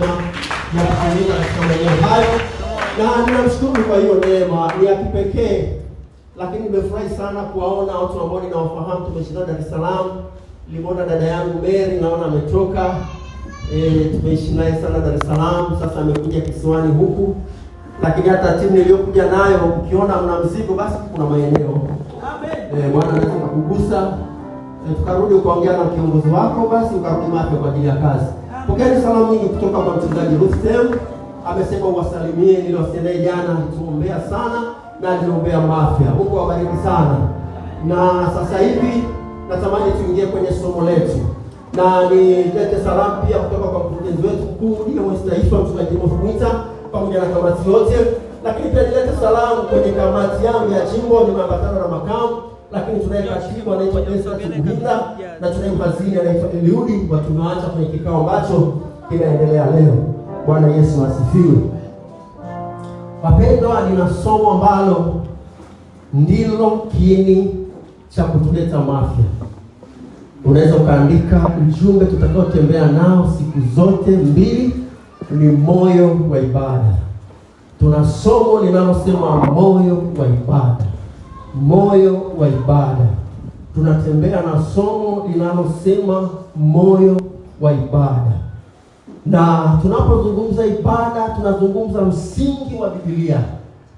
na kufanyika katika maeneo hayo, na ninamshukuru kwa hiyo neema ni ya kipekee. Lakini nimefurahi sana kuwaona watu ambao ninawafahamu, tumeshindana Dar es Salaam. Nilimwona dada yangu Mary, naona ametoka e, tumeishi naye sana Dar es Salaam, sasa amekuja kisiwani huku. Lakini hata timu iliyokuja nayo, ukiona mna mzigo, basi kuna maeneo e, Bwana anaweza kukugusa e, tukarudi ukaongea na kiongozi wako, basi ukarudi mapya kwa ajili ya kazi. Pokeni salamu nyingi kutoka kwa mchungaji Rustem. Amesema uwasalimie niliwasemee jana, alituombea sana na aliombea mafya. Mungu awabariki sana, na sasa hivi natamani tuingie kwenye somo letu, na nilete salamu pia kutoka kwa mkurugenzi wetu mkuu Taifa, mchungaji Mwita pamoja na kamati yote, lakini pia nilete salamu kwenye kamati yangu ya jimbo nimeambatana na makamu lakini tunaye katibu anaitwa Esa Tugila na tunaye mhazini anaitwa Eliudi, watumaacha kwenye kikao ambacho kinaendelea leo. Bwana Yesu asifiwe. Wapendwa, nina somo ambalo ndilo kiini cha kutuleta Mafya. Unaweza ukaandika ujumbe tutakaotembea nao siku zote mbili, ni moyo wa ibada. Tuna somo linalosema moyo wa ibada moyo wa ibada. Tunatembea na somo linalosema moyo wa ibada, na tunapozungumza ibada tunazungumza msingi wa Biblia.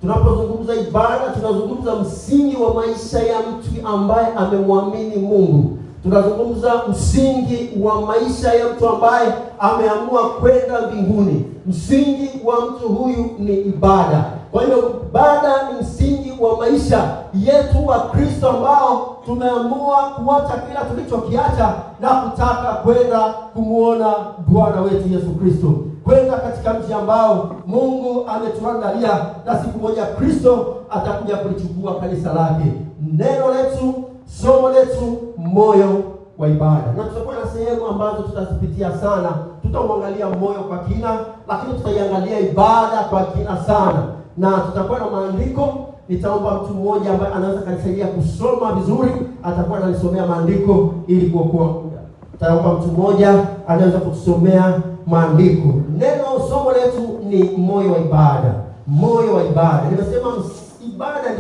Tunapozungumza ibada tunazungumza msingi wa maisha ya mtu ambaye amemwamini Mungu tunazungumza msingi wa maisha ya mtu ambaye ameamua kwenda mbinguni. Msingi wa mtu huyu ni ibada. Kwa hiyo ibada ni msingi wa maisha yetu wa Kristo, ambao tumeamua kuacha kila tulichokiacha na kutaka kwenda kumwona Bwana wetu Yesu Kristo, kwenda katika mji ambao Mungu ametuandalia, na siku moja Kristo atakuja kulichukua kanisa lake. Neno letu somo letu moyo wa ibada, na tutakuwa na sehemu ambazo tutazipitia sana. Tutauangalia moyo kwa kina, lakini tutaiangalia ibada kwa kina sana, na tutakuwa na maandiko. Nitaomba mtu mmoja ambaye anaweza kanisaidia kusoma vizuri, atakuwa ananisomea maandiko ili kuokoa muda. Nitaomba mtu mmoja anaweza kutusomea maandiko. Neno somo letu ni moyo wa ibada, moyo wa ibada. Nimesema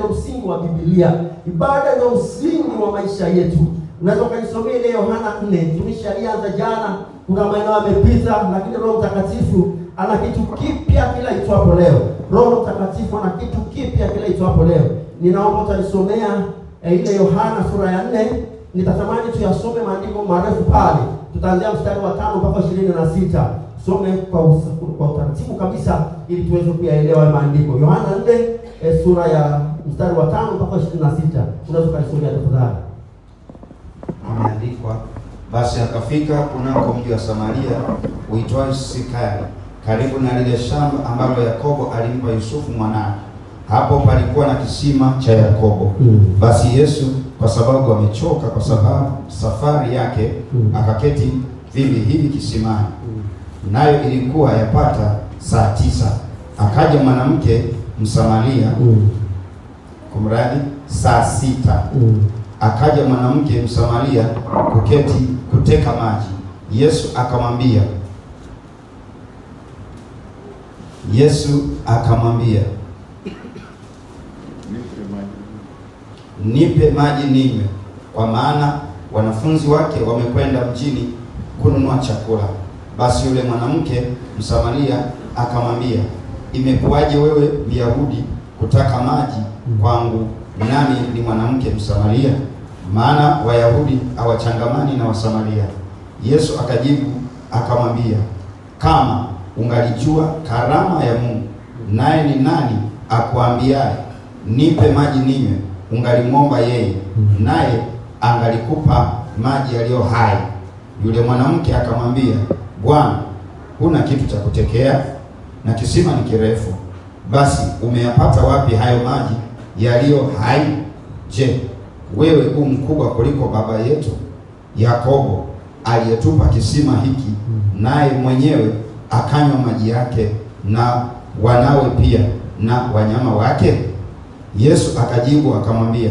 ndio msingi wa Biblia, ibada ndio msingi wa maisha yetu. Unaweza ukaisomea ile Yohana 4 tumeshalianza jana, kuna maeneo yamepita, lakini Roho Mtakatifu ana kitu kipya kila itwapo leo. Roho Mtakatifu ana kitu kipya kila itwapo leo. Ninaomba utanisomea e, eh, ile Yohana sura ya 4. Nitatamani tuyasome maandiko marefu pale, tutaanzia mstari wa tano mpaka ishirini na sita. Some kwa kwa utaratibu kabisa ili tuweze kuyaelewa maandiko. Yohana 4 e, eh, sura ya mstari wa tano mpaka 26. Unaweza kusomea tafadhali. Imeandikwa, basi akafika kunako mji wa Samaria uitwao Sikari, karibu na lile shamba ambalo Yakobo alimpa Yusufu mwanawe. Hapo palikuwa na kisima cha Yakobo. Mm. Basi Yesu kwa sababu amechoka kwa sababu safari yake, mm, akaketi vivi hivi kisimani nayo ilikuwa yapata saa tisa. Akaja mwanamke Msamaria mm. kumradi saa sita mm. akaja mwanamke Msamaria kuketi kuteka maji. Yesu akamwambia Yesu akamwambia nipe maji ninywe, kwa maana wanafunzi wake wamekwenda mjini kununua chakula. Basi yule mwanamke Msamaria akamwambia, imekuwaje wewe Myahudi kutaka maji kwangu, nami ni mwanamke Msamaria? Maana Wayahudi hawachangamani na Wasamaria. Yesu akajibu akamwambia, kama ungalijua karama ya Mungu, naye ni nani akuambiaye nipe maji ninywe, ungalimwomba yeye, naye angalikupa maji yaliyo hai. Yule mwanamke akamwambia Bwana, huna kitu cha kutekea na kisima ni kirefu, basi umeyapata wapi hayo maji yaliyo hai? Je, wewe u mkubwa kuliko baba yetu Yakobo aliyetupa kisima hiki, naye mwenyewe akanywa maji yake na wanawe pia na wanyama wake? Yesu akajibu akamwambia,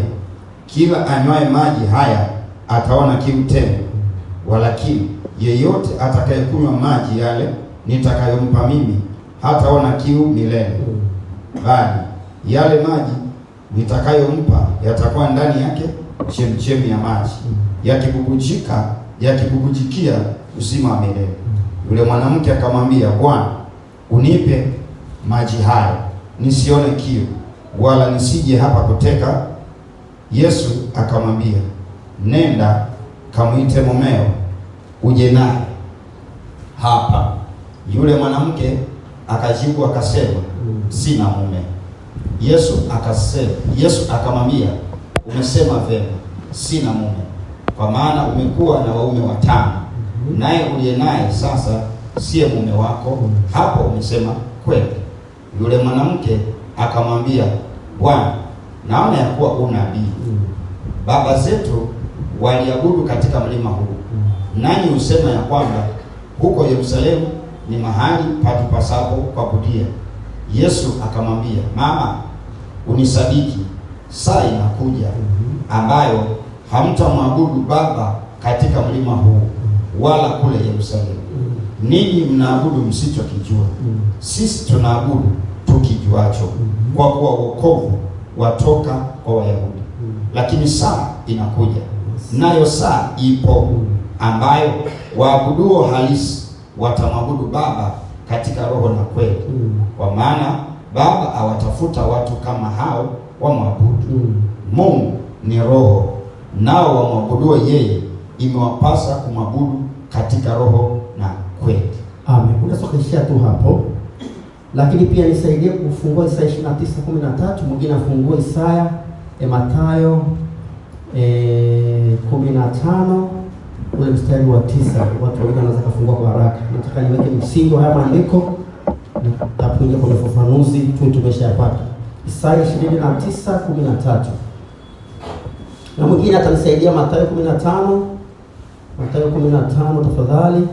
kila anywaye maji haya ataona kiu tena, walakini yeyote atakayekunywa maji yale nitakayompa mimi hataona kiu milele, bali yale maji nitakayompa yatakuwa ndani yake chemchemi ya maji yakibubujika yakibubujikia uzima wa milele. Yule mwanamke akamwambia, Bwana, unipe maji hayo nisione kiu, wala nisije hapa kuteka. Yesu akamwambia, nenda kamwite mumeo uje naye hapa. Yule mwanamke akajibu akasema, mm. sina mume. Yesu akasema, Yesu akamwambia, umesema vema, sina mume, kwa maana umekuwa na waume watano, mm-hmm. naye uliye naye sasa siye mume wako, hapo umesema kweli. Yule mwanamke akamwambia, Bwana, naona ya kuwa unabii, mm. baba zetu waliabudu katika mlima huu nani husema ya kwamba huko Yerusalemu ni mahali patupasapo kuabudia. Yesu akamwambia, mama, unisadiki, saa inakuja ambayo hamtamwabudu Baba katika mlima huu wala kule Yerusalemu. Ninyi mnaabudu msichokijua, sisi tunaabudu tukijuacho, kwa kuwa wokovu watoka kwa Wayahudi. Lakini saa inakuja, nayo saa ipo ambayo waabuduo halisi watamwabudu Baba katika roho na kweli mm. Kwa maana Baba awatafuta watu kama hao wamwabudu mm. Mungu ni roho, nao wamwabuduo yeye imewapasa kumwabudu katika roho na kweli. Amen. Unasokeshia tu hapo, lakini pia nisaidie kufungua Isaya 29:13, mwingine afungue Isaya e Mathayo e, eh, 15 ule mstari wa tisa watu wengi wanaweza kufungua kwa haraka. Nataka niweke msingi wa haya maandiko na takuja kwenye ufafanuzi tu tumeshayapata. Isaya 29:13 na mwingine atanisaidia Mathayo 15, Mathayo 15 tafadhali.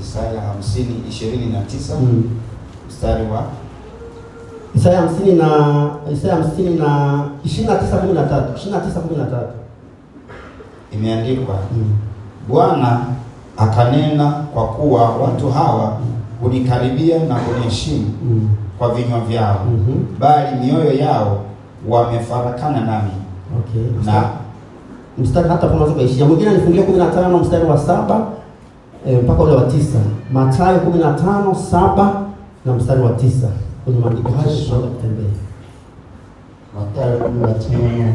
Isaya 50:29 mm. mstari wa Isaya hamsini na Isaya hamsini na ishirini na tisa kumi na tatu ishirini na tisa kumi na tatu imeandikwa mm. Bwana akanena kwa kuwa watu hawa hunikaribia na kuniheshimu mm. kwa vinywa vyao mm -hmm. bali mioyo yao wamefarakana nami. Okay. na mstari hata kama unaweza kuishia mwingine na tano mstari wa saba eh, mpaka e, ule wa tisa Mathayo tano saba na mstari wa tisa kwenye maandiko haya tunaweza kutembea. Mathayo kumi na tano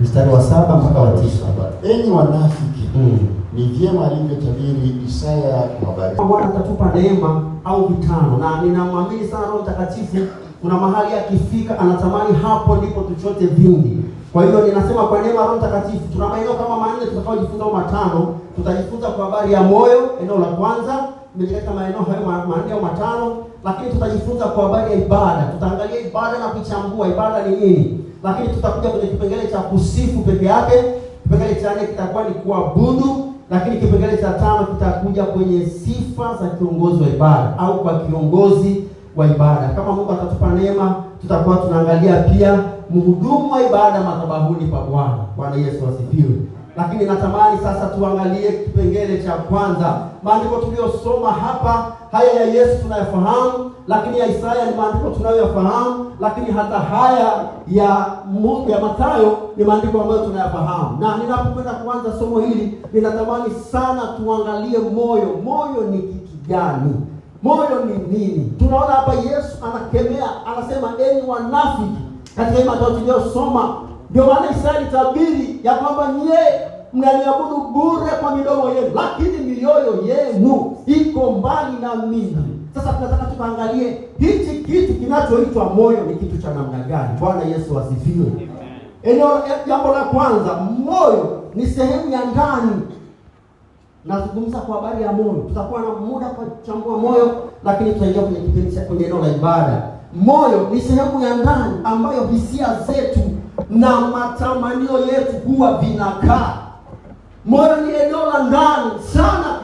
mstari wa saba mpaka wa tisa enyi wanafiki, hmm. ni vyema alivyotabiri Isaya habari. Bwana atatupa neema au vitano, na ninamwamini sana Roho Mtakatifu kuna mahali akifika anatamani hapo ndipo tuchote vingi. Kwa hiyo ninasema kwa neema Roho Mtakatifu tuna maeneo kama manne tutakaojifunza, matano tutajifunza kwa habari ya moyo, eneo la kwanza nimeleta maeneo hayo manne matano, lakini tutajifunza kwa habari ya ibada. Tutaangalia ibada na kuchambua ibada ni nini, lakini tutakuja kwenye kipengele cha kusifu peke yake. Kipengele cha nne kitakuwa ni kuabudu, lakini kipengele cha tano kitakuja kwenye sifa za kiongozi wa ibada au kwa kiongozi wa ibada. Kama Mungu atatupa neema, tutakuwa tunaangalia pia mhudumu wa ibada madhabahuni pa Bwana. Bwana Yesu asifiwe lakini natamani sasa tuangalie kipengele cha kwanza. Maandiko tuliyosoma hapa haya ya Yesu tunayafahamu, lakini ya Isaya ni maandiko tunayoyafahamu, lakini hata haya ya Mungu ya Mathayo ni maandiko ambayo tunayafahamu. Na ninapokwenda kuanza somo hili, ninatamani sana tuangalie moyo. Moyo ni kitu gani? Moyo ni nini? Tunaona hapa Yesu anakemea, anasema enyi wanafiki, katika hii Mathayo tuliyosoma ndio maana Israeli tabiri ya kwamba nyie mnaniabudu bure kwa midomo yenu, lakini mioyo yenu iko mbali na mimi. Sasa tunataka tukaangalie hichi kitu kinachoitwa moyo ni kitu cha namna gani? Bwana Yesu asifiwe. Eneo eh, jambo la kwanza, moyo ni sehemu ya ndani. Nazungumza kwa habari ya moyo, tutakuwa na muda kwa kuchambua moyo, lakini tutaingia kwenye kipindi cha kwenye eneo la ibada. Moyo ni sehemu ya ndani ambayo hisia zetu na matamanio yetu huwa vinakaa moyo. Ni eneo la ndani sana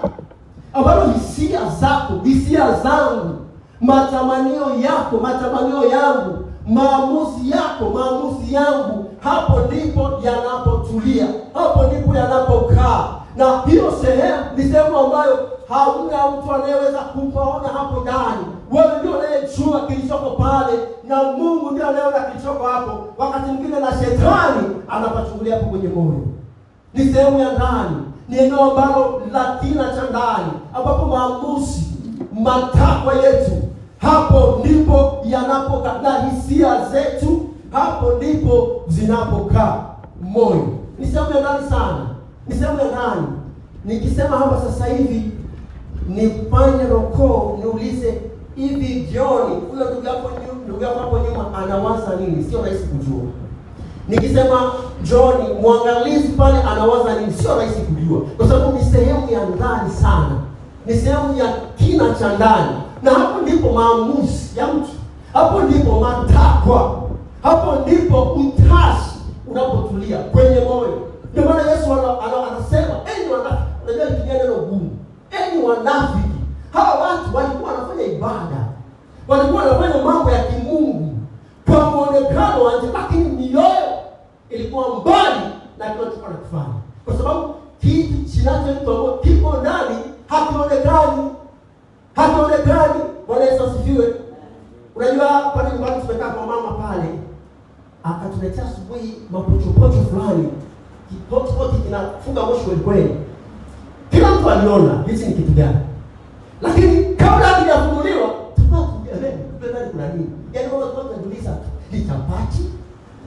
ambalo hisia zako, hisia zangu, matamanio yako, matamanio yangu, maamuzi yako, maamuzi yangu, hapo ndipo yanapotulia, hapo ndipo yanapokaa. Na hiyo sehemu ni sehemu ambayo hauna mtu anayeweza kupaona hapo ndani wewe ndio unayejua kilichoko pale, na Mungu ndio anayeona kilichoko hapo. Wakati mwingine na shetani anapachungulia hapo kwenye moyo, ni sehemu ya ndani, ni eneo ambalo la kina cha ndani, ambapo maamuzi, matakwa yetu, hapo ndipo yanapokaa, na hisia zetu, hapo ndipo zinapokaa. Moyo ni sehemu ya ndani sana, ni sehemu ya ndani. Nikisema hapa sasa hivi nifanye rokoo, niulize hivi jioni kule ndugu yako hapo nyuma anawaza nini? Sio rahisi kujua. Nikisema John mwangalizi pale anawaza nini, sio rahisi kujua, kwa sababu ni sehemu ya ndani sana, ni sehemu ya kina cha ndani, na hapo ndipo maamuzi ya mtu, hapo ndipo matakwa, hapo ndipo utashi unapotulia kwenye moyo. Ndio maana Yesu anasema enyi wanafi, unajua kijana neno gumu, enyi wanafi Yaani wao ni chapati,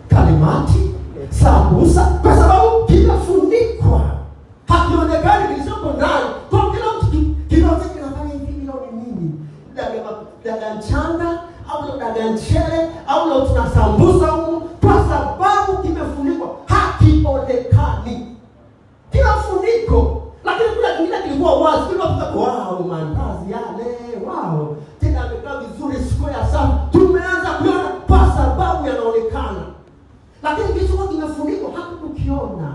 kalimati, sambusa kwa sababu kinafunikwa. Hakionekani kilichoko ndani. Kwa kila mtu kinaonekana kinafanya hivi ni nini? Daga dada nchanga au dada nchele au tuna sambusa huko kwa sababu kimefunikwa. Hakionekani. Kila funiko lakini kuna kingine kilikuwa wazi, kilikuwa wow, mandazi lakini kilichokuwa kimefunikwa hakukukiona.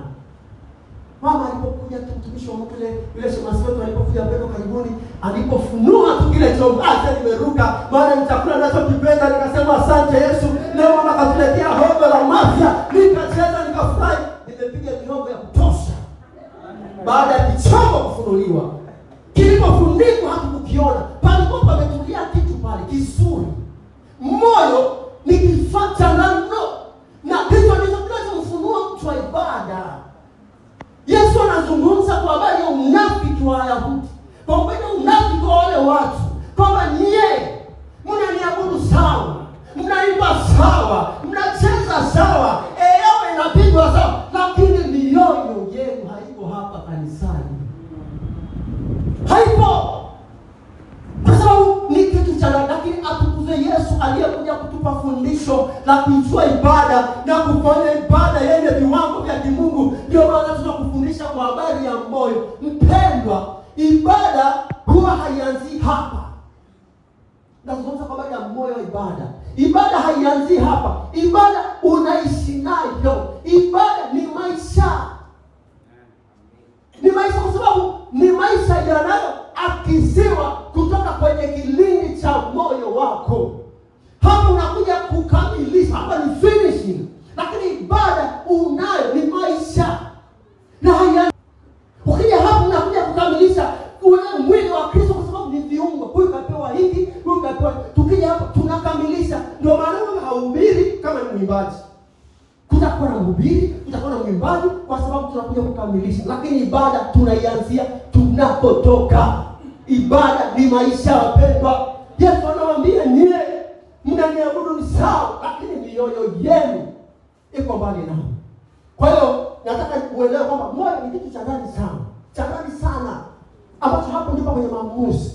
Mama alipokuja mtumishi wa Mungu yule yule shemasi wetu alipokuja mpendo karibuni, alipofunua tu kile chombo, acha nimeruka, maana ni chakula ninachokipenda. Nikasema asante Yesu, leo mama katuletea hogo la mafya, nikacheza nikafurahi, nimepiga mihogo ya kutosha baada ya kichombo kufunuliwa. Kilipofunikwa hakukukiona, palikuwa pametulia kitu pale kizuri, moyo nikifata ndani Wayahudi, pamoja unafiki kwa wale watu kwamba nyie mnaniabudu sawa, mnaimba sawa, mnacheza sawa, ewe inapigwa sawa, lakini mioyo yenu haipo hapa kanisani, haipo kwa sababu ni kitu cha, lakini atukuze Yesu aliyekuja kutupa fundisho la kuachiwa kutoka kwenye kilindi cha moyo wako. Hapo unakuja kukamilisha, hapa ni finishing, lakini ibada unayo ni maisha na haya. Ukija hapo unakuja kukamilisha ule mwili wa Kristo, kwa sababu ni viungo. Huyu kapewa hiki, huyu kapewa. Tukija hapo tunakamilisha. Ndio maana haubiri kama ni mwimbaji kutakuwa na mhubiri, kutakuwa na mwimbaji, kwa sababu tunakuja kukamilisha. Lakini ibada tunaianzia tunapotoka. Ibada ni maisha, wapendwa. Yesu anawaambia nyie mnaniabudu ni sawa, lakini mioyo yenu iko mbali nao. Kwa hiyo nataka kuelewa kwamba moyo ni kitu cha ndani sana, cha ndani sana, ambacho hapo ndipo kwenye maamuzi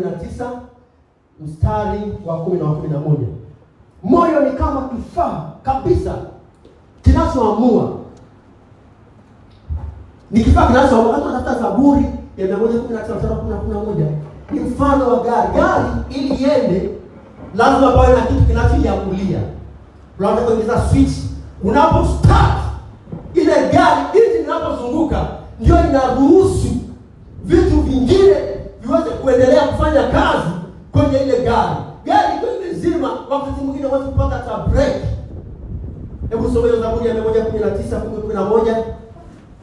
19 mstari wa 10 na wa 11. Moyo ni kama kifaa kabisa kinachoamua, ni kifaa kinachoamua. Hata tafuta Zaburi ya 119 mstari wa 11, ni mfano wa gari. Gari ili iende lazima pawe na kitu kinachoiamulia. Unaweza kuingiza switch, unapo start ile gari, ili linapozunguka ndio inaruhusu vitu vingine viweze kuendelea kufanya kazi kwenye ile gari. Gari iko imezima, wakati mwingine huwezi kupata hata breki. Hebu soma hiyo Zaburi ya na moja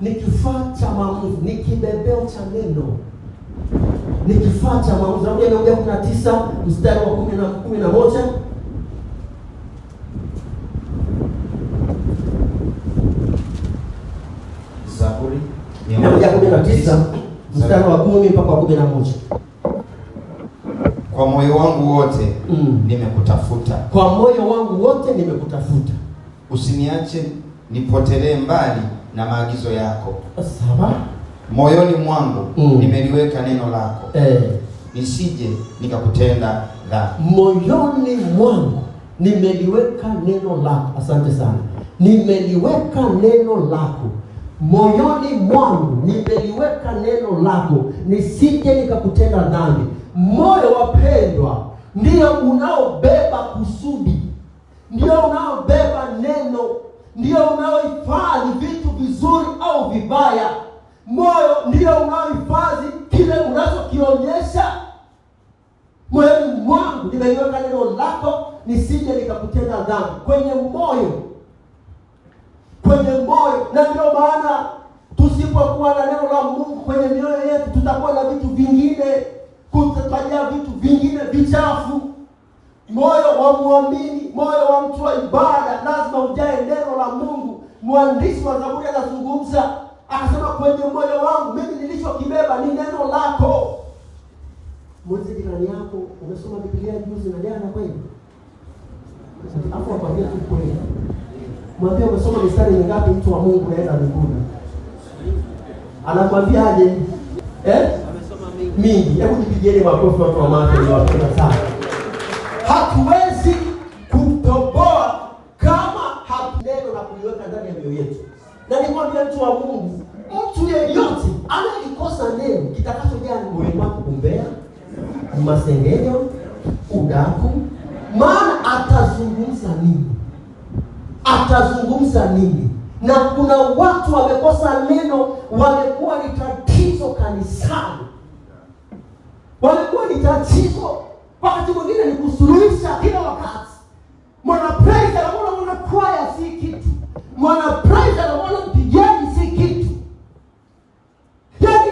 Ni kifaa cha maamuzi, ni kibebeo cha neno, ni kifaa cha maamuzi. Zaburi ya tisa mstari wa kumi kumi na na moja Zaburi ya tisa mstari wa kumi mpaka wa kumi na moja kwa moyo wangu wote mm. nimekutafuta kwa moyo wangu wote nimekutafuta usiniache nipotelee mbali na maagizo yako sawa moyoni mwangu mm. nimeliweka neno lako eh. nisije nikakutenda dhambi moyoni mwangu nimeliweka neno lako asante sana nimeliweka neno lako moyoni mwangu nimeliweka neno lako, nisije nikakutenda dhambi. Moyo wapendwa, ndio unaobeba umesoma Biblia juzi na jana kweli? Alafu wakwambia tu kweli. Mwambie umesoma mistari mingapi mtu wa Mungu naenda mbinguni? Anakwambia aje? Eh? Mingi. Hebu nipigieni makofi watu wa Mafia ni wapenda sana. Hatuwezi kutoboa kama hatu na kuliweka ndani ya mioyo yetu. Na nikwambia mtu wa Mungu masengenyo, udaku. Maana atazungumza nini? Atazungumza nini? Na kuna watu wamekosa neno, wamekuwa ni tatizo kanisani, wamekuwa ni tatizo wakati mwingine ni kusuluhisha kila wakati. Mwana praise anaona mwana kwaya si kitu, mwana praise anaona mpigeni si kitu. Yani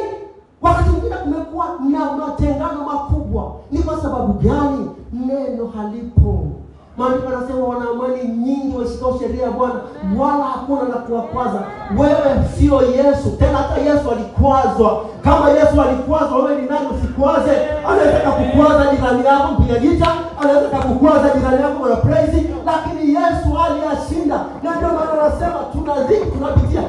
wakati mwingine kumekuwa na matengano makubwa kubwa. Ni kwa sababu gani? Neno halipo. Maandiko anasema wana amani nyingi washikao sheria ya Bwana, wala hakuna la kuwakwaza. Wewe sio Yesu tena. Hata Yesu alikwazwa. Kama Yesu alikwazwa, wewe ni nani usikwaze? Anaweza kukwaza jirani yako mpiga gita, anaweza kukwaza jirani yako mwana praise, lakini Yesu aliyashinda, na ndio maana anasema tunazidi tunapitia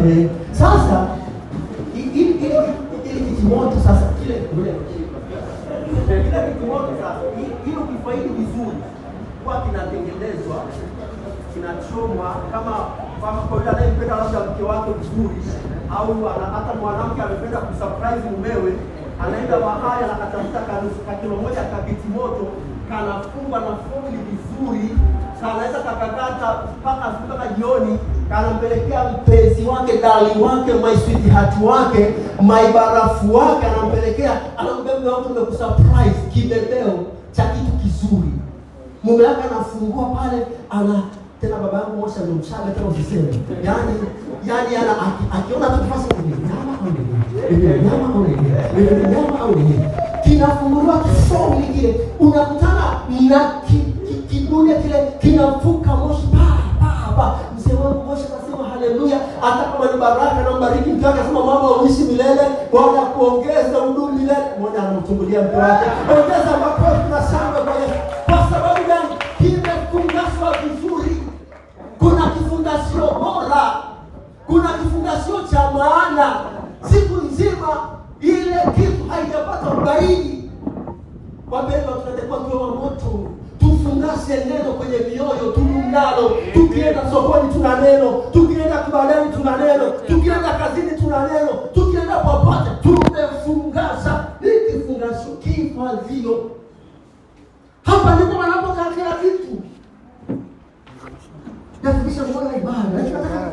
Eh, sasa ili kimoto sasa kile kile kimoto sasa ili ukifaidi vizuri kwa kinatengenezwa kinachomwa kama kama anayempenda labda mke wake vizuri, au hata mwanamke amependa kusurprise mumewe, anaenda mahali anakatafuta kakilo moja kabiti moto kanafungwa na foil vizuri na anaweza kakakata mpaka mpaka jioni, anampelekea mpenzi wake, dali wake, my maiswitihati wake, my barafu wake, anampelekea anamwambia, mume wangu, nimekusurprise kibebeo cha kitu kizuri. Mume wake anafungua pale, ana tena baba yangu Mosha ndio mshaga tena usiseme. Yaani yaani ana akiona tu fasi ni nyama au ni nini? Nyama au ni nini? Nyama au Kinafunguliwa kifomu kile. Unakutana na kibunia kile kinavuka moshi pa pa pa. Mzee wangu Moshi akasema haleluya, hata kama ni baraka na mbariki mtu akasema mama uishi milele, Bwana kuongeza udumu milele. Mmoja anamtumbulia mtu wake, ongeza makofi na shangwe kwa Yesu. Kwa sababu gani? Kimefungashwa vizuri, kuna kifungashio bora, kuna kifungashio cha maana. Siku nzima ile kitu haijapata kwa wapendwa, tunatakiwa tuwe wa moto nafasi neno kwenye mioyo tumu Tukienda sokoni tuna neno, tukienda kibandani tuna neno, tukienda kazini tuna neno, tukienda popote tumefungasha. Ni kifungasho kivazio. Hapa ndipo wanapokaa kila kitu. Nafikisha mbona ibada, nataka